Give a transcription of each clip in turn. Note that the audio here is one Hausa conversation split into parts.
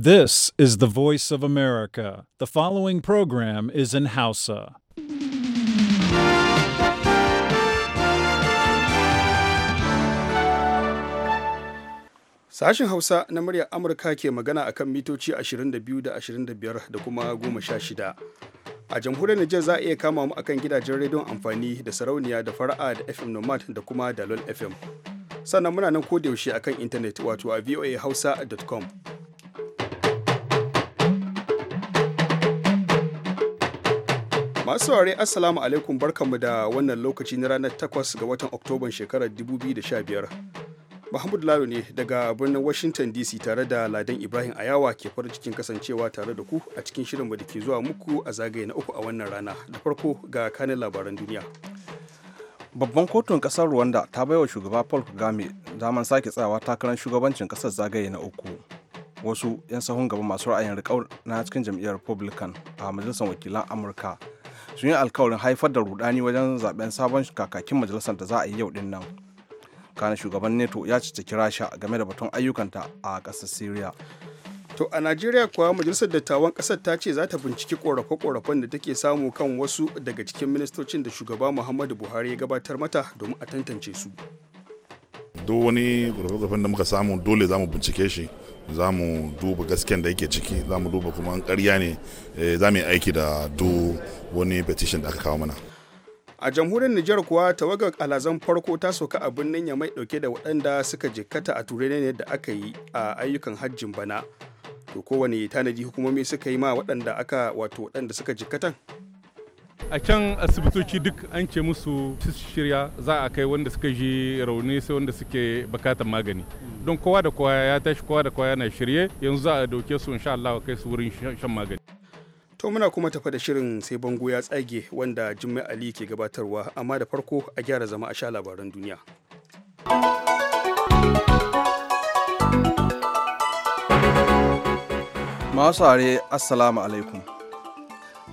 This is the voice of America. The following program is in Hausa. Sashen Hausa na muryar Amurka ke magana akan mitoci 22 da 25 da kuma 16. A jamhuriyar Nijar za a iya kama mu akan gidajen rediyon amfani da sarauniya da fara'a da FM Nomad da kuma Dalol FM. Sannan muna nan kodayaushe akan intanet wato a voahausa.com. Masu saurari Assalamu alaikum barkanmu da wannan lokaci na ranar 8 ga watan Oktoban shekarar 2015. Mahmud Lalo ne daga birnin Washington DC tare da Ladan Ibrahim Ayawa ke farin cikin kasancewa tare da ku a cikin shirinmu da ke zuwa muku a zagaye na uku a wannan rana. Da farko ga kanin labaran duniya. Babban kotun kasar Rwanda ta baiwa shugaba Paul Kagame daman sake tsayawa takarar shugabancin kasar zagaye na uku. Wasu 'yan sahun gaba masu ra'ayin riƙau na cikin jam'iyyar Republican a majalisar wakilan Amurka sun yi alkawarin haifar da rudani wajen zaben sabon kakakin majalisar da za a yi yau din nan kana shugaban neto ya ciciki rasha game da batun ayyukanta a ƙasar syria To a Najeriya kuwa majalisar dattawan ƙasar ta ce za ta binciki ƙorafe-ƙorafen da take samu kan wasu daga cikin ministocin da shugaba Muhammadu Buhari ya gabatar mata domin a tantance su. Duk wani ƙorafe-ƙorafen da muka samu dole za mu bincike shi za mu duba gasken da yake ciki za mu duba kuma an karya ne eh, za mu yi aiki da du wani petition da aka kawo mana a jamhuriyar Nijar kuwa tawagar alazan farko ta soka a birnin ya mai dauke da waɗanda suka jikkata a turai ne da aka yi a ayyukan hajjin bana to kowane tanadi hukumomi suka yi ma waɗanda aka wato waɗanda suka jikkatan a can asibitoci duk an ce musu shirya za a kai wanda suka ji rauni sai wanda suke bukatar magani don kowa da kowa ya tashi kowa da kowa yana shirye yanzu za a dauke su insha Allah kai su wurin shan magani to muna kuma tafa da shirin sai bango ya tsage wanda Jummai Ali ke gabatarwa amma da farko a gyara zama a sha labaran duniya masu are assalamu alaikum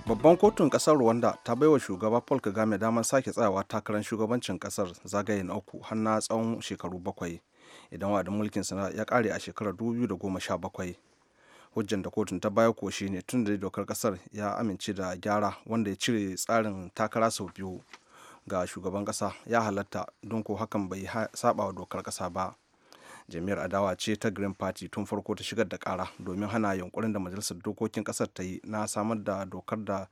babban kotun kasar rwanda ta baiwa shugaba paul kagame damar sake tsayawa takarar shugabancin kasar zagaye na uku har na tsawon shekaru bakwai idan wa'adin mulkin sana ya kare a shekarar 2017 hujjan da kotun ta baya koshi shine tun da dokar kasar ya amince da gyara wanda ya cire tsarin takara sau biyu ga shugaban kasa ya halatta don ko hakan bai saba wa dokar kasa ba jami'ar adawa ce ta green party tun farko ta shigar da kara domin hana yunkurin da majalisar dokokin kasar ta yi na samar da dokar da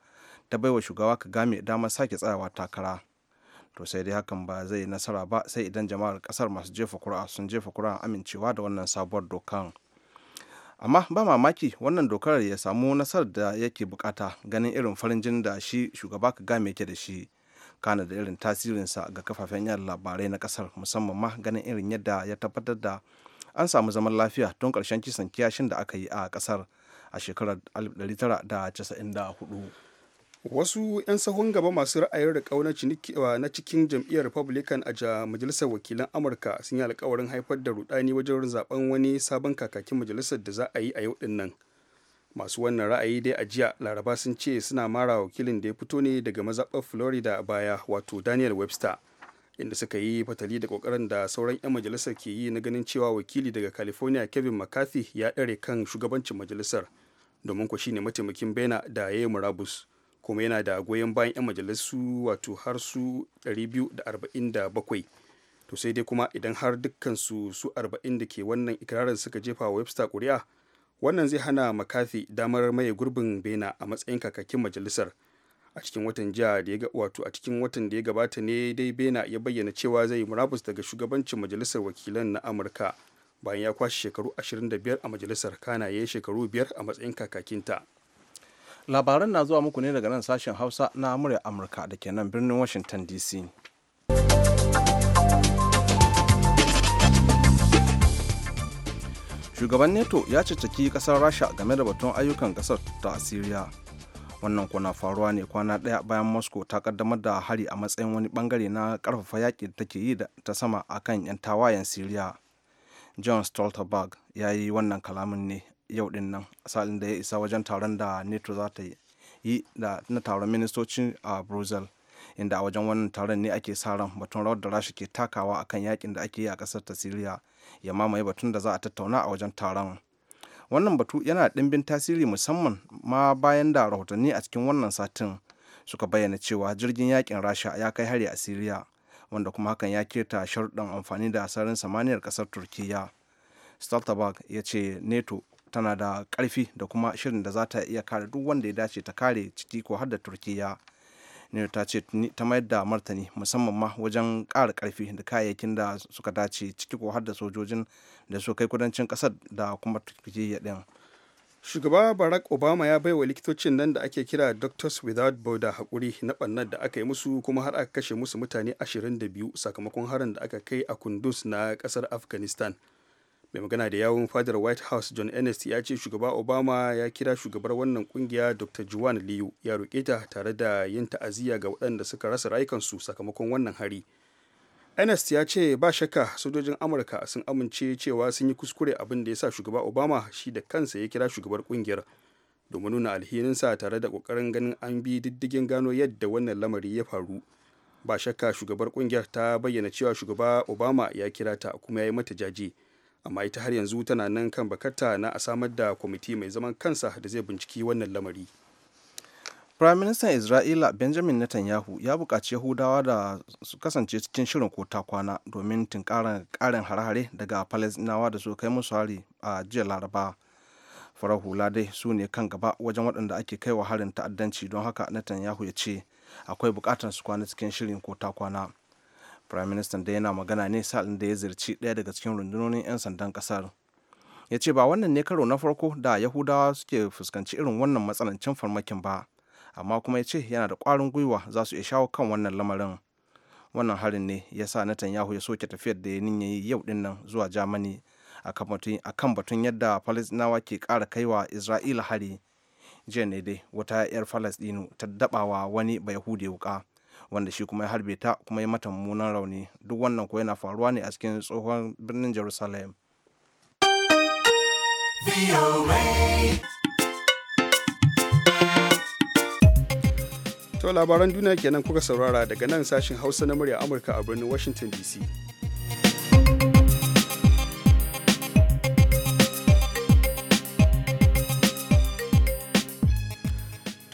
ta baiwa shugaba ka game damar sake tsayawa takara to sai dai hakan ba zai nasara ba sai idan jama'ar kasar masu jefa kura sun jefa kura amincewa da wannan sabuwar dokan amma ba mamaki wannan dokar ya samu nasarar da yake bukata ganin irin farin jin da shi shugaba kagame yake da shi kana da irin tasirinsa ga kafafen yada labarai na kasar musamman ma ganin irin yadda ya tabbatar da an samu zaman lafiya tun karshen kisan kiyashin da aka yi a kasar a shekarar 1994 wasu 'yan sahun gaba masu ra'ayin riƙau na cikin jam'iyyar republican a majalisar wakilan amurka sun yi alkawarin haifar da rudani wajen zaben wani sabon kakakin majalisar da za a yi a yau din nan masu wannan ra'ayi dai a jiya laraba sun ce suna mara wakilin da ya fito ne daga mazaɓar florida a baya wato daniel webster inda suka yi fatali da kokarin da sauran 'yan majalisar ke yi na ganin cewa wakili daga california kevin mccarthy ya ɗare kan shugabancin majalisar domin ku shine mataimakin bena da ya yi murabus kuma yana da goyon bayan 'yan majalisu wato har su 247 to sai dai kuma idan har dukkan su su 40 da ke wannan ikirarin suka jefa webster kuri'a wannan zai hana makafi damar maye gurbin bena a matsayin kakakin majalisar a cikin watan jiya da ya wato a cikin watan da ya gabata ne dai bena ya bayyana cewa zai yi murabus daga shugabancin majalisar wakilan na amurka bayan ya kwashe shekaru 25 a majalisar kana ya yi shekaru biyar a matsayin kakakinta labaran na zuwa muku ne daga nan sashen hausa na murya amurka da ke nan birnin washington dc shugaban neto ya cicciki kasar rasha game da batun ayyukan kasar ta asiriya wannan kuna faruwa ne kwana ɗaya bayan moscow ta kaddamar da hari a matsayin wani bangare na karfafa yaƙi da take yi ta sama a kan 'yan tawayen siriya john stoltenberg ya yi wannan kalamin ne yau din nan salin da ya isa wajen taron da neto za ta yi na taron ministoci a brussels inda a wajen wannan taron ne ake sa ran batun rawar da rasha ke takawa akan yakin da ake yi a kasar ta siriya ya mamaye batun da za a tattauna a wajen taron wannan batu yana ɗimbin tasiri musamman ma bayan da rahotanni a cikin wannan satin suka bayyana cewa jirgin yakin rasha ya kai hari a siriya wanda kuma hakan ya keta sharuɗan amfani da sararin samaniyar ƙasar turkiya stoltenberg ya ce neto tana da ƙarfi da kuma shirin da za ta iya kare duk wanda ya dace ta kare ciki ko har da turkiya new ta ce ta mayar da martani musamman ma wajen ƙara ƙarfi da kayayyakin da suka dace ciki ko har da sojojin da su kai kudancin ƙasar da kuma turkiyya ɗin shugaba barack obama ya baiwa likitocin nan da ake kira doctors without border haƙuri na ɓannar da aka yi musu kuma har aka kashe musu mutane 22 sakamakon harin da aka kai a kundus na ƙasar afghanistan mai magana da yawun fadar white house john ennis ya ce shugaba obama ya kira shugabar wannan kungiya dr juan liu ya roƙe ta tare da yin ta'aziyya ga waɗanda suka rasa rayukansu sakamakon wannan hari ennis ya ce ba shakka sojojin amurka sun amince cewa sun yi kuskure abin da ya sa shugaba obama shi da kansa ya kira shugabar kungiyar domin nuna alhininsa tare da kokarin ganin an bi diddigin gano yadda wannan lamari ya faru ba shakka shugabar kungiyar ta bayyana cewa shugaba obama ya kira ta kuma ya yi mata jaje amma ita har yanzu tana nan kan bakarta na a samar da kwamiti mai zaman kansa da zai binciki wannan lamari prime minister isra'ila benjamin netanyahu ya buƙaci yahudawa da su kasance cikin shirin ko kwana domin tunkarar ƙarin hare-hare daga palestinawa da su kai musu hari a jiya laraba farar hula dai su ne kan gaba wajen waɗanda ake kaiwa harin ta'addanci don haka netanyahu ya ce akwai buƙatar su kwana cikin shirin ko kwana prime minister da yana magana ne sa'in da ya zirci daya daga cikin rundunonin 'yan sandan ƙasar ya ce ba wannan ne karo na farko da yahudawa suke fuskanci irin wannan matsanancin farmakin ba amma kuma ya ce yana da ƙwarin gwiwa za su iya shawo kan wannan lamarin wannan harin ne ya sa netanyahu ya soke tafiyar da ya ninya yi yau din zuwa germany a kan batun yadda palestinawa ke kara kai wa isra'ila hari jiya ne dai wata 'yar falastinu ta dabawa wani bai hude wuka wanda shi kuma ya harbe ta kuma ya mata mummunan rauni duk wannan kuwa yana faruwa ne a cikin tsohon birnin jerusalem To labaran duniya kenan kuka saurara daga nan sashin hausa na murya amurka a birnin washington dc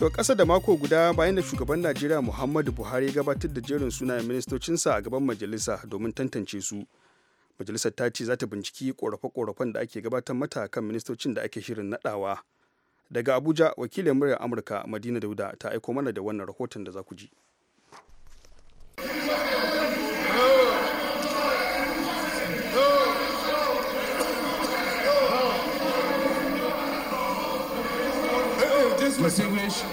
To ƙasa da mako guda bayan da shugaban Najeriya Muhammadu Buhari gabatar da jerin sunayen ministocinsa a gaban majalisa domin tantance su. Majalisar ta ce za ta binciki ƙorafe-ƙorafen da ake gabatar mata kan ministocin da ake shirin naɗawa. Daga Abuja, wakilin muryar Amurka Madina Dauda ta aiko mana da wannan rahoton da za ku ji. distinguish,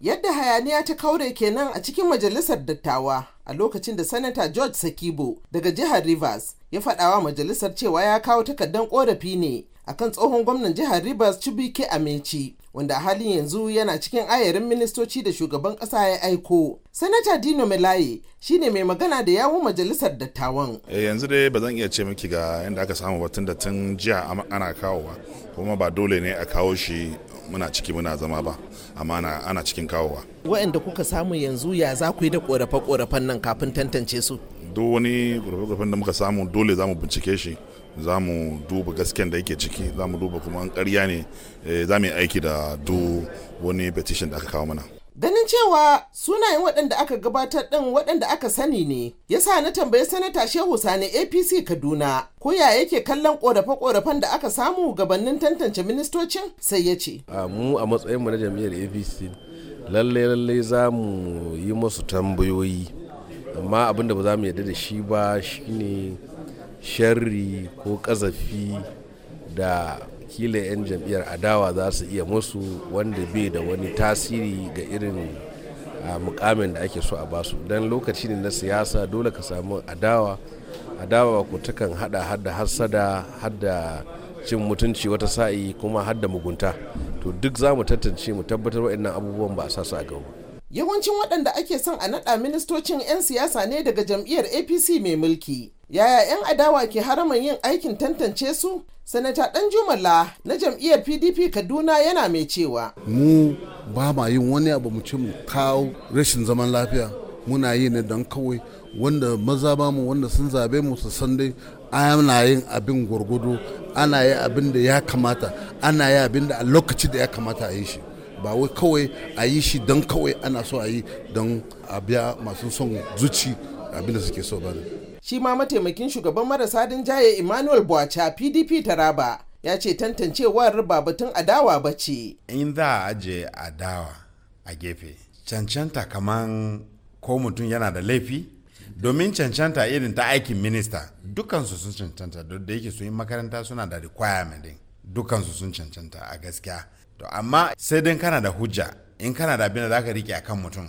Yadda hayaniya ta kaure kenan a cikin majalisar dattawa a lokacin da Sanata George Sakibo daga jihar Rivers ya faɗawa majalisar cewa ya kawo takardar ƙorafi ne akan tsohon gwamnan jihar Rivers Chibuike Amechi wanda halin yanzu yana cikin ayarin ministoci da shugaban kasa ya aiko. Sanata Dino Melaye shine mai magana da yawun majalisar dattawan. Eh, yanzu dai ba zan iya ce miki ga yadda aka samu batun da tun jiya ana kawowa kuma ba dole ne a kawo shi muna ciki muna zama ba amma ana cikin kawowa. Wa'anda kuka samu yanzu ya za ku yi da ƙorafe-ƙorafen nan kafin tantance su? Duk wani ƙorafe-ƙorafen da muka samu dole za mu bincike shi. za mu duba gasken da yake ciki za mu duba kuma karya ne eh, za mu yi aiki da du wani petition da aka kawo mana ganin cewa sunayen waɗanda aka gabatar ɗin waɗanda aka sani ne ya sa na tambayi sanata shehu sani apc kaduna ko ya yake kallon ƙorafe-ƙorafen da aka samu gabanin tantance ministocin sai ya ce mu a matsayin mu na jami'ar apc lallai lallai za mu yi masu tambayoyi amma abin da ba za mu yarda da shi ba shine sharri ko kazafi da kila 'yan jam'iyyar adawa za su iya musu wanda bai da wani tasiri ga irin mukamin da ake so a basu don lokaci ne na siyasa dole ka samu adawa adawa ko takan hada hada hassada hada cin mutunci wata sa'i kuma hada mugunta to duk za mu tantance mu tabbatar waɗannan abubuwan ba a sa su a gaba yawancin waɗanda ake son a naɗa ministocin 'yan siyasa ne daga jam'iyyar apc mai mulki yaya 'yan adawa ke haraman yin aikin tantance su sanata dan jumala na jam'iyyar pdp kaduna yana mai cewa mu ba ma yin wani abu mu ce mu kawo rashin zaman lafiya muna yi ne don kawai wanda maza ba mu wanda sun zabe mu su san dai ana yin abin gwargwado ana yi abin da ya kamata ana yi abin da a lokaci da ya kamata a yi shi ba wai kawai a yi shi don kawai ana so a yi don a biya masu son zuci abin da suke so ba ne shi ma mataimakin shugaban marasa jaye emmanuel buacha pdp ta raba ya ce tantancewar ba batun adawa ba ce in za a aje adawa a gefe cancanta kaman ko mutum yana da laifi domin cancanta irin ta aikin minista dukansu sun cancanta da yake su yi makaranta suna da requirement din dukansu sun cancanta a gaskiya to amma sai dai kana da hujja in kana da abin da zaka rike akan mutum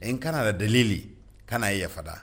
in kana da dalili kana iya fada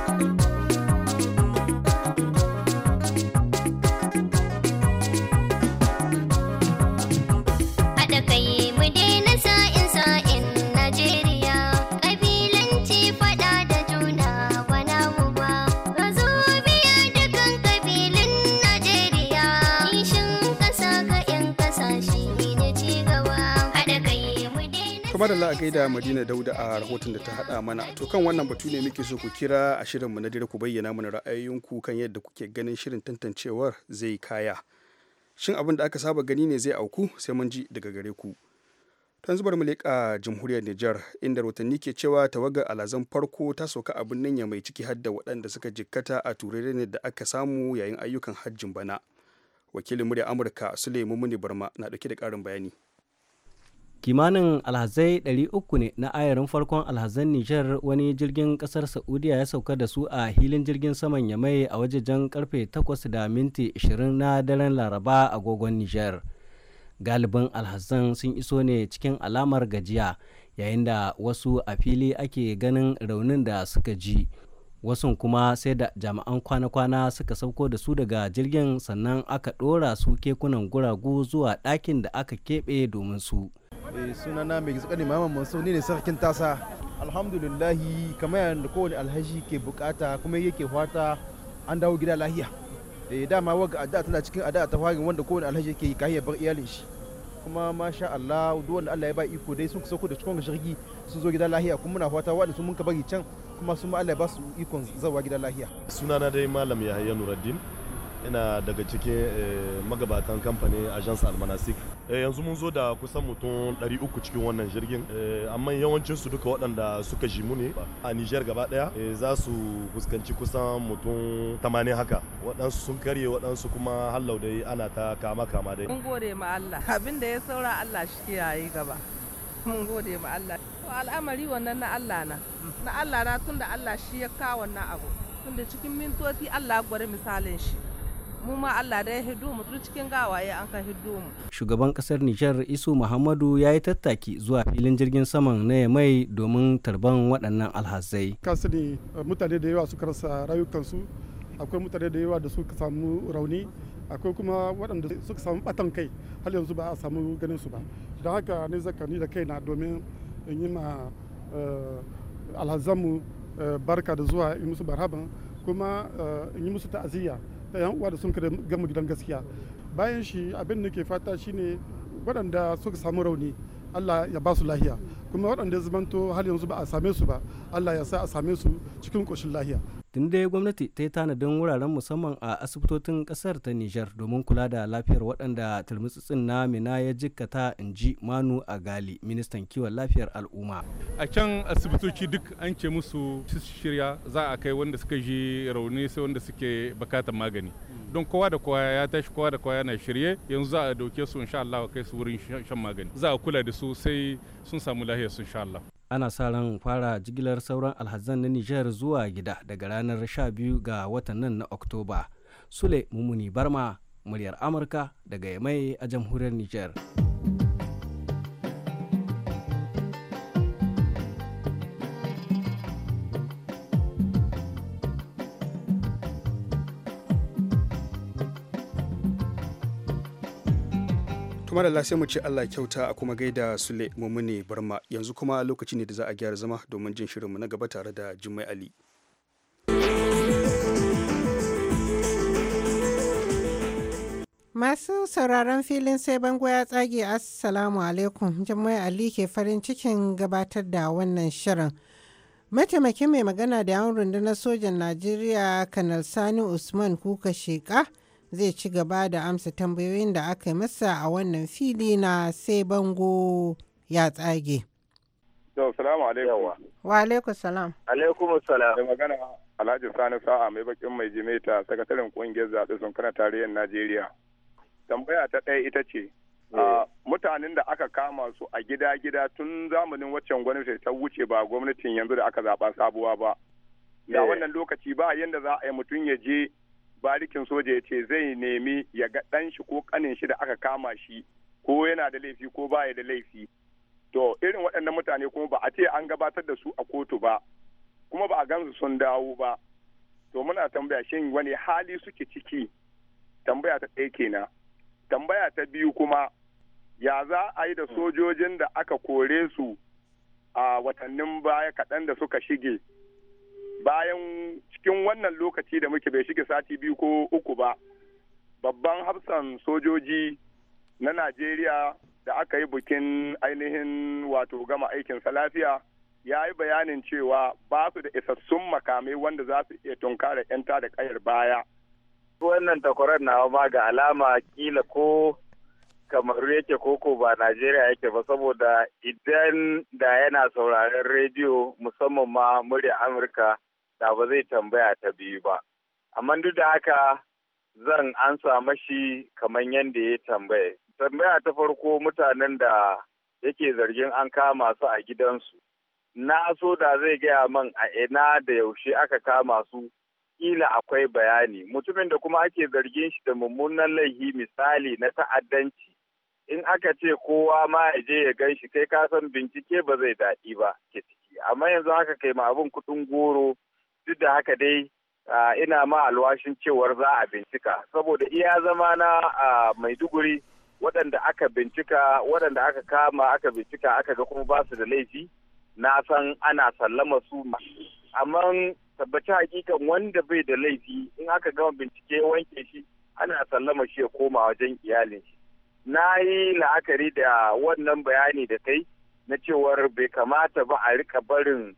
kuma da la'a gaida madina dauda a rahoton da ta hada mana to kan wannan batu ne muke so ku kira a shirinmu na dare ku bayyana mana ra'ayoyinku kan yadda kuke ganin shirin tantancewar zai kaya shin abin da aka saba gani ne zai auku sai mun ji daga gare ku tun zubar mu leƙa jamhuriyar Nijar inda rahotanni ke cewa tawagar alazan farko ta sauka abin nan ya mai ciki hadda waɗanda suka jikkata a turai da aka samu yayin ayyukan hajjin bana wakilin murya amurka suleiman muni barma na ɗauke da ƙarin bayani kimanin alhazai 300 ne na ayarin farkon alhazan nijar wani jirgin kasar saudiya ya sauka da su a hilin jirgin saman yamai a wajejen karfe 8 da minti 20 na daren laraba agogon nijar galibin alhazan sun iso ne cikin alamar gajiya yayin da wasu a fili ake ganin raunin da suka ji wasu kuma sai da jami'an kwana-kwana suka sauko da su daga jirgin sannan aka ɗora su kekunan guragu zuwa ɗakin da aka keɓe domin su. Eh, sunana mai tsakani maman mansu ne sarkin tasa alhamdulillahi kamar yadda kowane alhaji ke bukata kuma yake fata an dawo gida lahiya eh, dama waga addu'a tana cikin addu'a ta farin wanda kowane alhaji ke yi kahiyar bar iyalin shi kuma masha Allah duk wanda Allah ya ba iko dai sun sauko da cikon jirgi sun zo gida lahiya kuma muna fata waɗanda sun muka bari can kuma sun Allah ya ba su ikon zawa gidan lahiya sunana dai malam Yahaya Nuruddin ina daga cikin eh, magabatan kamfanin Agence Almanasik Eh, yanzu mun zo da kusan mutum 300 cikin wannan jirgin eh, amma yawancin su duka waɗanda suka ji mu ne a Niger gaba daya eh, za su fuskanci kusan mutum 80 haka waɗansu sun karye waɗansu kuma hallau dai ana ta kama kama dai mun gode ma Allah abin da ya saura Allah shi ke yayi gaba mun gode ma Allah al'amari wannan na Allah na na Allah na tunda Allah shi ya kawo wannan abu tunda cikin mintoci Allah gwada misalin shi mu ma Allah da ya hiddo mu cikin gawaye an ka hiddo mu shugaban kasar Nijar Isu Muhammadu ya yi tattaki zuwa filin jirgin saman na yamai domin tarban waɗannan alhazai kasani eh, mutane da yawa suka rasa rayukansu akwai mutane da yawa da suka samu rauni akwai kuma waɗanda suka samu batan kai har yanzu ba a samu ganin su ba don haka ne zaka ni da kaina domin in yi ma eh, alhazanmu eh, barka da zuwa in musu barhaban kuma in yi musu ta'aziyya yan uwa da sun kada gamu gidan gaskiya bayan shi abin da ke fata shine waɗanda suka samu rauni Allah ya ba su lahiya kuma waɗanda ya zamanto har yanzu ba a same su ba Allah ya sa a same su cikin ƙoshin lahiya tun dai gwamnati ta yi tanadin wuraren musamman a asibitocin kasar ta nijar domin kula da lafiyar waɗanda turmutsutsin na mina ya jikkata in ji manu a gali ministan kiwon lafiyar al'umma a can asibitoci duk an ce musu shirya za a kai wanda suka ji rauni sai wanda suke bukatar magani don kowa da kowa ya tashi kowa da kowa yana shirye yanzu za a dauke su insha Allah kai su wurin shan magani za a kula da su sai sun samu lahiya su insha Allah ana sa ran fara jigilar sauran alhazan na Nijar zuwa gida daga ranar 12 ga watan nan na Oktoba. Sule Mumuni Barma, muryar Amurka daga Yamai a jamhuriyar Nijar. mara sai mu ce Allah kyauta a kuma gaida Sule Mumuni Barma yanzu kuma lokaci ne da za a gyara zama domin jin shirinmu na gaba tare da Jummai Ali. Masu sauraron filin sai bango ya tsage Assalamu alaikum Jummai Ali ke farin cikin gabatar da wannan shirin. Mataimakin mai magana da yawon rundunar sojan Najeriya Kanal Sani Usman Kuka Sheka. zai ci gaba da amsa tambayoyin da aka masa a wannan fili na sai bango ya tsage. Salamu alaikum. Wa alaikum salam. Alaikum salam. Da magana Alhaji Sani Sa'a mai bakin mai jimeta sakataren kungiyar zaɓe sun kana tarayyar Najeriya. Tambaya ta ɗaya ita ce, eh. mutanen da aka kama su a gida-gida tun zamanin waccan gwamnati ta wuce ba gwamnatin yanzu da aka zaɓa sabuwa ba. Da eh. wannan lokaci ba yadda za a yi mutum ya je barikin soja ya ce zai nemi ya ga ɗan shi ko ƙanin shi da aka kama shi ko yana da laifi ko baya da laifi to irin waɗannan mutane kuma ba a ce an gabatar da su a kotu ba kuma ba a gansu sun dawo ba to muna tambaya shin wani hali suke ciki tambaya ta ɗaya kenan tambaya ta biyu kuma ya za a yi da hmm. sojojin da aka kore su a watannin baya kaɗan da suka shige bayan cikin wannan lokaci da muke bai shiga sati biyu ko uku ba babban hafsan sojoji na najeriya da aka yi bikin ainihin wato gama aikinsa lafiya ya yi bayanin cewa ba su da isassun makamai wanda za su iya tunkara 'yan da kayar baya. wannan takwarar na ma ga alama kila ko kamaru yake koko ba najeriya yake ba saboda idan da yana sauraren rediyo musamman ma murya amurka da ba zai tambaya ta biyu ba amma duk da haka zan ansa mashi kamar yadda ya tambaya tambaya ta farko mutanen da yake zargin an kama su a gidansu na so da zai gaya man a ina da yaushe aka kama su kila akwai bayani mutumin da kuma ake zargin shi da mummunan laihi misali na ta'addanci in aka ce kowa ma ya je ya gan shi kai ka san bincike ba zai daɗi ba ke ciki amma yanzu haka kai ma abin kuɗin goro duk da haka dai ina ma alwashin cewar za a bincika saboda iya zama na maiduguri waɗanda aka bincika waɗanda aka kama aka bincika aka ga kuma basu da laifi na san ana sallama su amma tabbaci hakikan wanda bai da laifi in aka gama bincike wanke shi ana sallama shi ya koma wajen iyalin shi na yi la'akari da wannan bayani da kai na cewar bai kamata ba a rika barin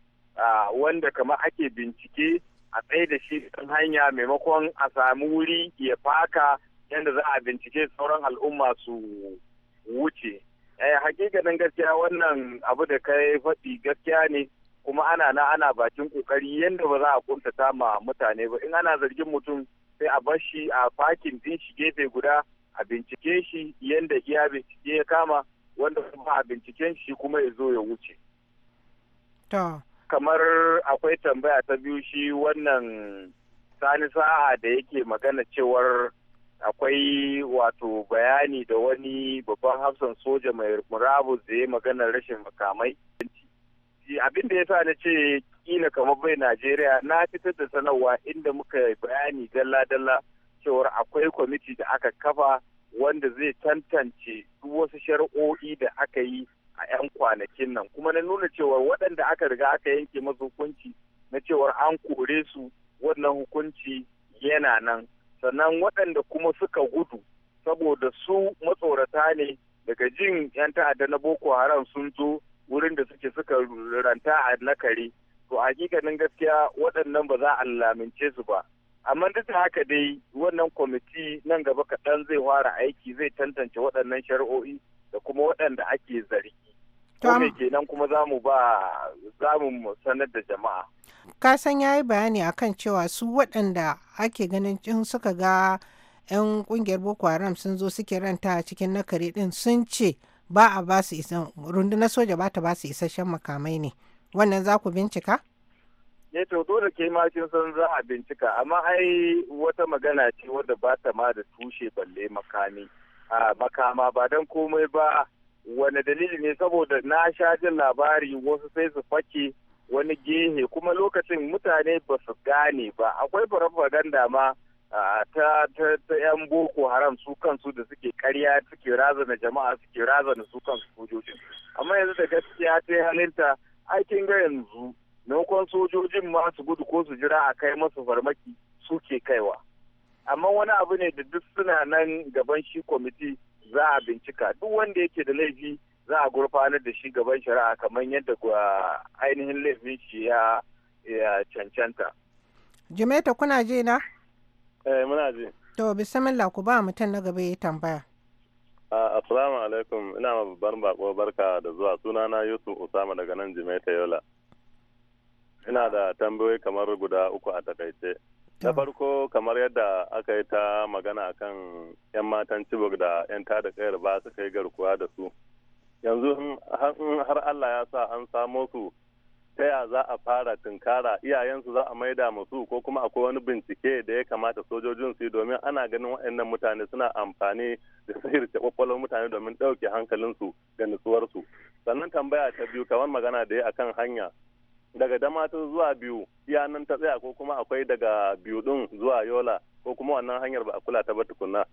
wanda kamar ake bincike a tsaye da shi kan hanya maimakon a sami wuri ya faka yadda za a bincike sauran al'umma su wuce. Eh, hakikanin gaskiya wannan abu da kai faɗi gaskiya ne kuma ana na ana bakin kokari yadda ba za a kuntata ma mutane ba in ana zargin mutum sai a bar shi a fakin din shi gefe guda a bincike shi yadda iya bincike ya kama wanda kuma a binciken shi kuma ya zo ya wuce. kamar akwai tambaya ta biyu shi wannan sani sa'a da yake magana cewar akwai wato bayani da wani babban hafsan soja mai murabu da ya magana rashin makamai abin da ya sa na ce kila kamar bai najeriya na fitar da sanarwa inda muka bayani dalla-dalla cewar akwai kwamiti da aka kafa wanda zai tantance duk wasu shari'o'i da aka yi a 'yan kwanakin nan kuma na nuna cewar waɗanda aka riga aka yanke masu hukunci na cewar an kore su wannan hukunci yana nan sannan waɗanda kuma suka gudu saboda su matsorata ne daga jin 'yan ta'adda na boko haram sun zo wurin da suke suka ranta a nakare to a hakikanin gaskiya waɗannan ba za a lamince su ba amma duk da haka dai wannan kwamiti nan gaba kaɗan zai fara aiki zai tantance waɗannan shari'o'i da kuma waɗanda ake zargi. Kome kenan kuma za mu ba za mu sanar da jama'a. Ka san ya yi bayani akan cewa su waɗanda ake ganin in suka ga 'yan ƙungiyar Boko Haram sun zo suke ranta a cikin nakare ɗin sun ce ba a ba su isan rundunar soja ba ta ba su isasshen makamai ne. Wannan za ku bincika? ne to dole ke ma kin san za a bincika amma ai wata magana ce wadda ba ta ma da tushe balle makami. makama ba don komai ba wani dalili ne saboda na sha jin labari wasu sai su fake wani gehe kuma lokacin mutane ba su gane ba akwai farfaganda ma ta ta yan boko haram su kansu da suke karya suke razana jama'a suke razana su kansu sojojin amma yanzu da gaskiya ta halinta aikin ga yanzu naukon sojojin ma su gudu ko su jira a kai masu farmaki suke kaiwa amma wani abu ne da duk suna nan gaban shi kwamiti za a bincika duk wanda yake da laifi za a gurfanar da shi gaban shari'a kamar yadda ainihin laifin shi ya cancanta. Jimeta kuna ji na? Eh muna ji. To bismillah ku ba mutum na gaba ya tambaya. Ah, assalamu alaikum ina ma babban bako barka da zuwa sunana Yusuf Usama daga nan Jimeta Yola. Ina da tambayoyi kamar guda uku a takaice. na farko kamar yadda aka yi ta magana kan 'yan matan cibok da 'yan tada kayar ba suka yi garkuwa da su yanzu har allah ya sa an samo su ta ya za a fara tunkara iyayensu za a maida masu ko kuma akwai wani bincike da ya kamata sojojin su yi domin ana ganin waɗannan mutane suna amfani da ta kwakwalwar mutane domin ɗauke hankalinsu ga nutsuwarsu sannan tambaya ta biyu kamar magana da ya akan hanya daga damatur zuwa biyu iya nan ta tsaya ko kuma akwai daga biyu din zuwa yola ko kuma wannan hanyar ba a kula ta ba tukunna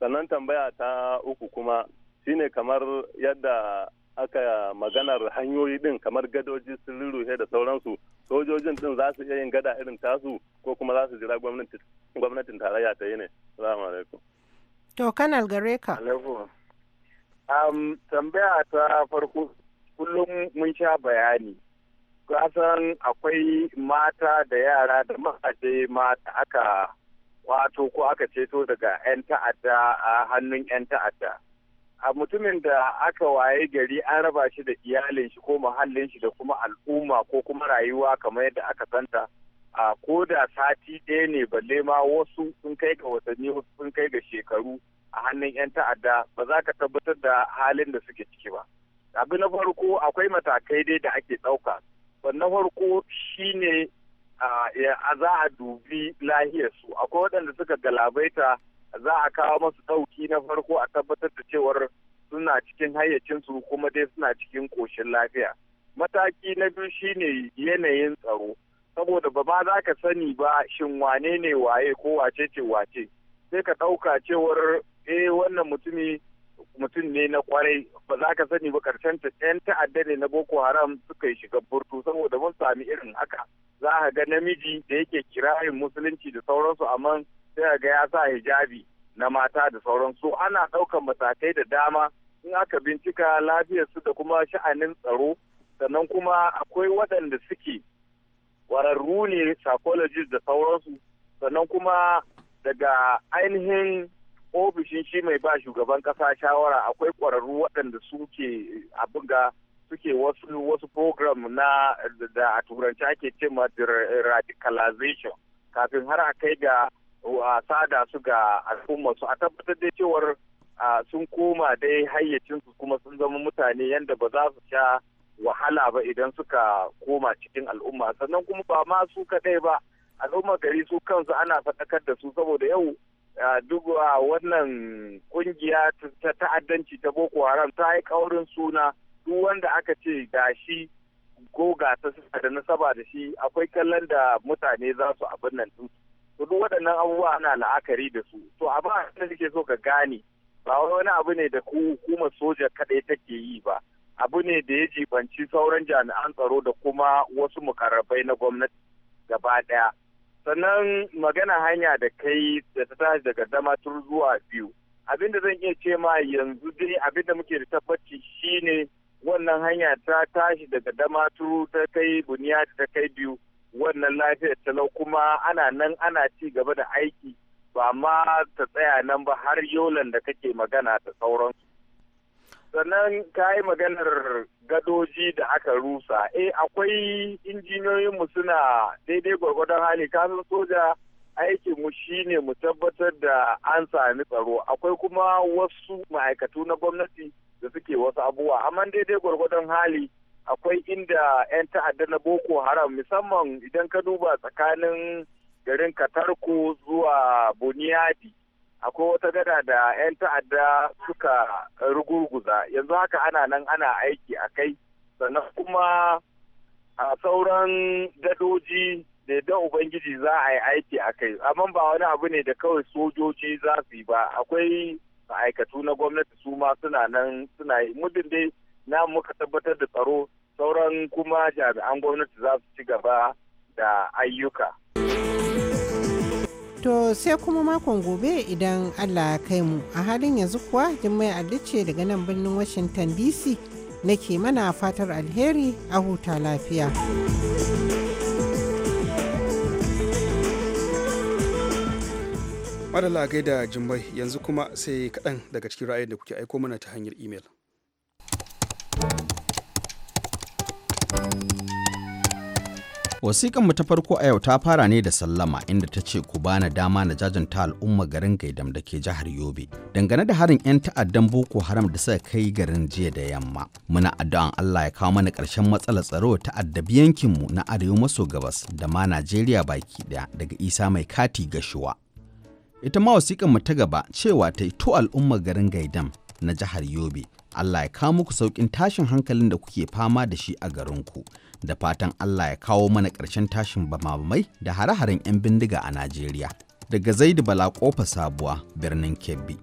sannan tambaya ta uku kuma shine kamar yadda aka maganar hanyoyi din kamar gadoji sun rurrufe da sauransu sojojin din za su iya yin gada irin tasu ko kuma za su jira gwamnatin tarayya ta yi ne salamu to kanal gare ka um, tambaya ta farko kullum mun sha bayani gasan akwai mata da yara da mahaje mata aka wato ko aka ceto daga 'yan ta'adda a hannun 'yan ta'adda a mutumin da aka waye gari an raba shi da iyalin shi ko muhallin shi da kuma al'umma ko kuma rayuwa kamar yadda aka santa a ko da sati ɗaya ne balle ma wasu sun kai ga watanni wasu sun kai ga shekaru a hannun 'yan ta'adda ba za ka tabbatar da halin da suke ciki ba abu na farko akwai matakai dai da ake ɗauka na farko shine a za a dubi lahiyarsu akwai waɗanda suka galabaita za a kawo masu ɗauki na farko a tabbatar da cewar suna cikin hayyacinsu kuma dai suna cikin ƙoshin lafiya mataki na biyu shine yanayin tsaro saboda ba ma za ka sani ba shin wane ne waye ko wace ce wace sai ka ɗauka cewar eh wannan mutumi mutum ne na kwarai ba za ka sani ba karshen ta yan ta'adda ne na boko haram suka yi shiga burtu saboda mun sami irin haka za a ga namiji da yake kirayin musulunci da sauransu amma sai a ga ya sa hijabi na mata da sauransu ana ɗaukan matakai da dama in aka bincika lafiyarsu da kuma sha'anin tsaro sannan kuma akwai waɗanda suke kwararru ne psychologist da sauransu sannan kuma daga ainihin ofishin shi mai ba shugaban kasa shawara akwai ƙwararru waɗanda suke abin ga suke wasu wasu program na da a turanci ake ce ma radicalization kafin har a kai ga sada su ga al'umma su a tabbatar da cewar sun koma dai hayyacinsu kuma sun zama mutane yadda ba za su sha wahala ba idan suka koma cikin al'umma sannan kuma ba ma su kaɗai ba al'ummar gari su kansu ana faɗakar da su saboda yau duk wannan kungiya ta ta'addanci ta boko haram ta yi kaurin suna duk wanda aka ce gashi ko ta suna da nasaba da shi akwai kallon da mutane za su abin nan su duk waɗannan abubuwa ana la'akari da su to a da nake so ka gane ba wani abu ne da ku hukumar soja kaɗai take yi ba abu ne da ya jibanci sauran jami'an tsaro da kuma wasu mukarrabai na gwamnati gaba ɗaya sannan magana hanya da kai da ta tashi daga damatur zuwa biyu abinda zan iya ce ma yanzu dai abinda muke da tabbaci shine wannan hanya ta tashi daga damaturu ta kai buniya ta kai biyu wannan lafiyar talau kuma ana nan ana ci gaba da aiki ba ma ta tsaya nan ba har yolan da kake magana da sauransu sannan ka yi maganar gadoji da aka rusa eh akwai injiniyoyinmu suna daidai gwargwadon hali kasan soja aikinmu shine mu tabbatar da an sami tsaro akwai kuma wasu ma'aikatu na gwamnati da suke wasu abubuwa amma daidai gwargwadon hali akwai inda 'yan ta'adda na boko haram musamman idan ka duba tsakanin garin katarko zuwa buniyadi akwai wata gada da 'yan ta'adda suka ruguruguza yanzu haka ana nan ana aiki a kai sannan kuma a sauran gadoji da yadda ubangiji za a yi aiki a kai amma ba wani abu ne da kawai sojoji za su yi ba akwai ma'aikatu na gwamnati su ma suna nan suna yi muddin dai na muka tabbatar da tsaro sauran kuma jami'an gwamnati za su ci gaba da ayyuka To sai kuma makon gobe idan Allah ya kai mu a halin yanzu kuwa Jummai Alice daga nan birnin Washington DC nake mana fatar alheri a huta lafiya. Madalla da Jummai yanzu kuma sai kaɗan daga cikin ra'ayin da kuke aiko mana ta hanyar imel. Wasikan mu ta farko a yau ta fara ne da sallama inda ta ce ku bani dama na jajanta al'umma garin Gaidam da ke jihar Yobe. Dangane da harin 'yan ta'addan Boko Haram da suka kai garin jiya da yamma. Muna addu'an Allah ya kawo mana ƙarshen matsalar tsaro ta addabi yankinmu na arewa maso gabas da ma Najeriya baki ɗaya daga Isa mai kati gashuwa. Ita ma wasikan mu ta gaba cewa ta yi to al'umma garin Gaidam na jihar Yobe. Allah ya kawo muku sauƙin tashin hankalin da kuke fama da shi a garinku. da fatan Allah ya kawo mana ƙarshen tashin bamamai da hare-haren 'yan bindiga a Najeriya. Daga Zaidu Bala Kofa Sabuwa, birnin Kebbi.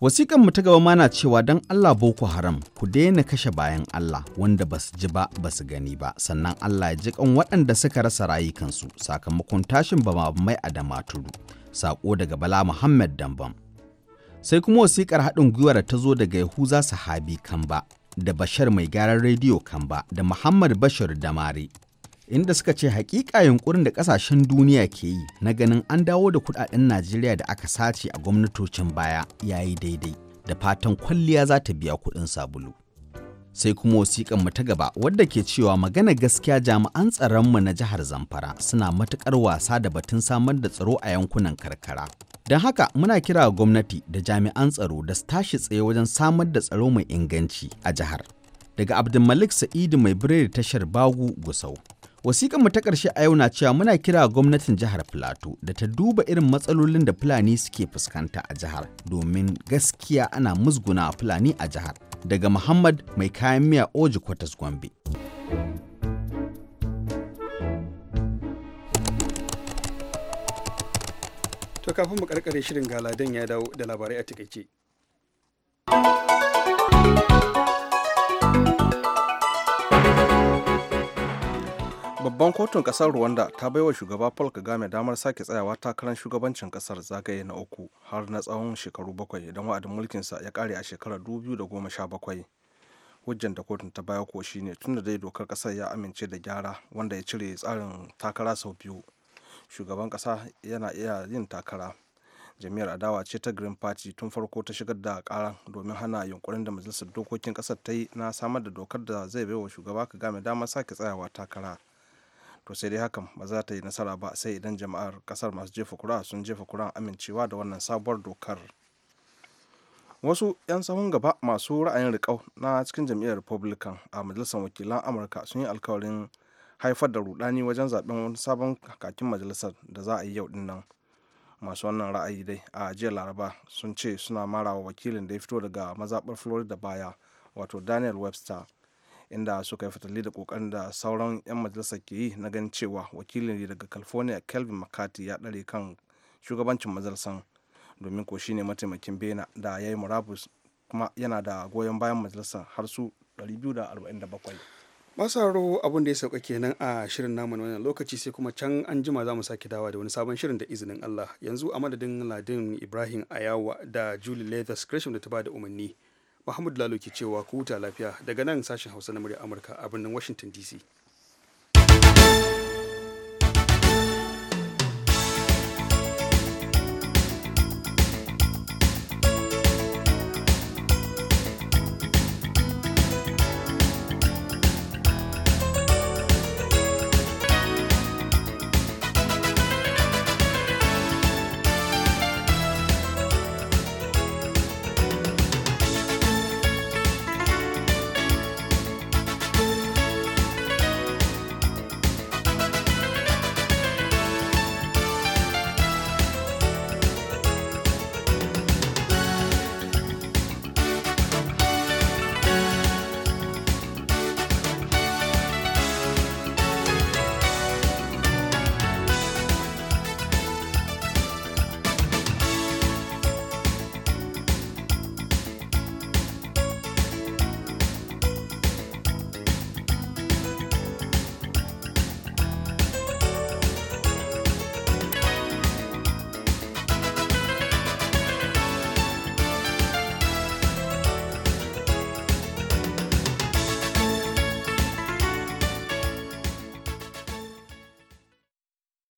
Wasiƙan mu ta gaba mana cewa don Allah Boko Haram ku daina kashe bayan Allah wanda ba su ji ba ba su gani ba sannan Allah ya ji kan waɗanda suka rasa rayukansu sakamakon tashin mai a Damaturu. saƙo daga Bala Muhammad Dambam. sai kuma wasiƙar haɗin gwiwar ta zo daga Yahuza Sahabi Kamba da Bashar mai gyaran rediyo ba da Muhammad bashar Damari. Inda suka ce hakika yunkurin da kasashen duniya ke yi na ganin an dawo da kudaden Najeriya da aka sace a gwamnatocin baya yayi daidai da fatan kwalliya za ta biya kudin sabulu. sai kuma wasiƙan mu ta gaba wadda ke cewa magana gaskiya jami'an tsaron mu na jihar zamfara suna matuƙar wasa da batun samar da tsaro a yankunan karkara don haka muna kira gwamnati da jami'an tsaro da su tashi tsaye wajen samar da tsaro mai inganci a jihar daga abdulmalik sa'idu mai biredi tashar bagu gusau wasiƙan mu ta ƙarshe a yau na cewa muna kira gwamnatin jihar filato da ta duba irin matsalolin da fulani suke fuskanta a jihar domin gaskiya ana musguna fulani a jihar daga Muhammad mai kayan miya Oji Kwatas Gombe. To kafin mu karkare shirin galadan ya dawo da labarai a takaice. babban kotun kasar rwanda ta bai wa shugaba paul kagame damar sake tsayawa takarar shugabancin kasar zagaye na uku har na tsawon shekaru bakwai idan wa'adin mulkinsa ya kare a shekarar 2017 hujjan da kotun ta baya ko shine tun da dai dokar kasar ya amince da gyara wanda ya cire tsarin takara sau biyu shugaban kasa yana iya yin takara jami'ar adawa ce ta green party tun farko ta shigar da kara domin hana yunkurin da majalisar dokokin kasar ta yi na samar da dokar da zai baiwa shugaba kagame damar sake tsayawa takara to sai dai hakan ba za ta yi nasara ba sai idan jama'ar kasar masu jefa kura sun jefa kura amincewa da wannan sabuwar dokar wasu 'yan sahun gaba masu ra'ayin rikau na cikin jam'iyyar republican a majalisar wakilan amurka sun yi alkawarin haifar da rudani wajen zaben wani sabon kakin majalisar da za a yi yau din nan masu wannan ra'ayi dai a jiya laraba sun ce suna marawa wakilin da ya fito daga mazaɓar florida baya wato daniel webster inda suka yi fitali da kokarin da sauran 'yan majalisar ke yi na ganin cewa wakilin daga california kelvin mccarthy ya dare kan shugabancin majalisar domin ko shine mataimakin bena da ya yi murabus kuma yana da goyon bayan majalisar har su 247 masaro abin da ya sauka kenan a shirin namu na wannan lokaci sai kuma can an jima za mu sake dawa da wani sabon shirin da izinin Allah yanzu a madadin ladin Ibrahim Ayawa da Julie Leathers Gresham da ta ba da umarni mahmud Lalo ke cewa ku huta lafiya daga nan sashen Hausa na murya Amurka a birnin Washington DC.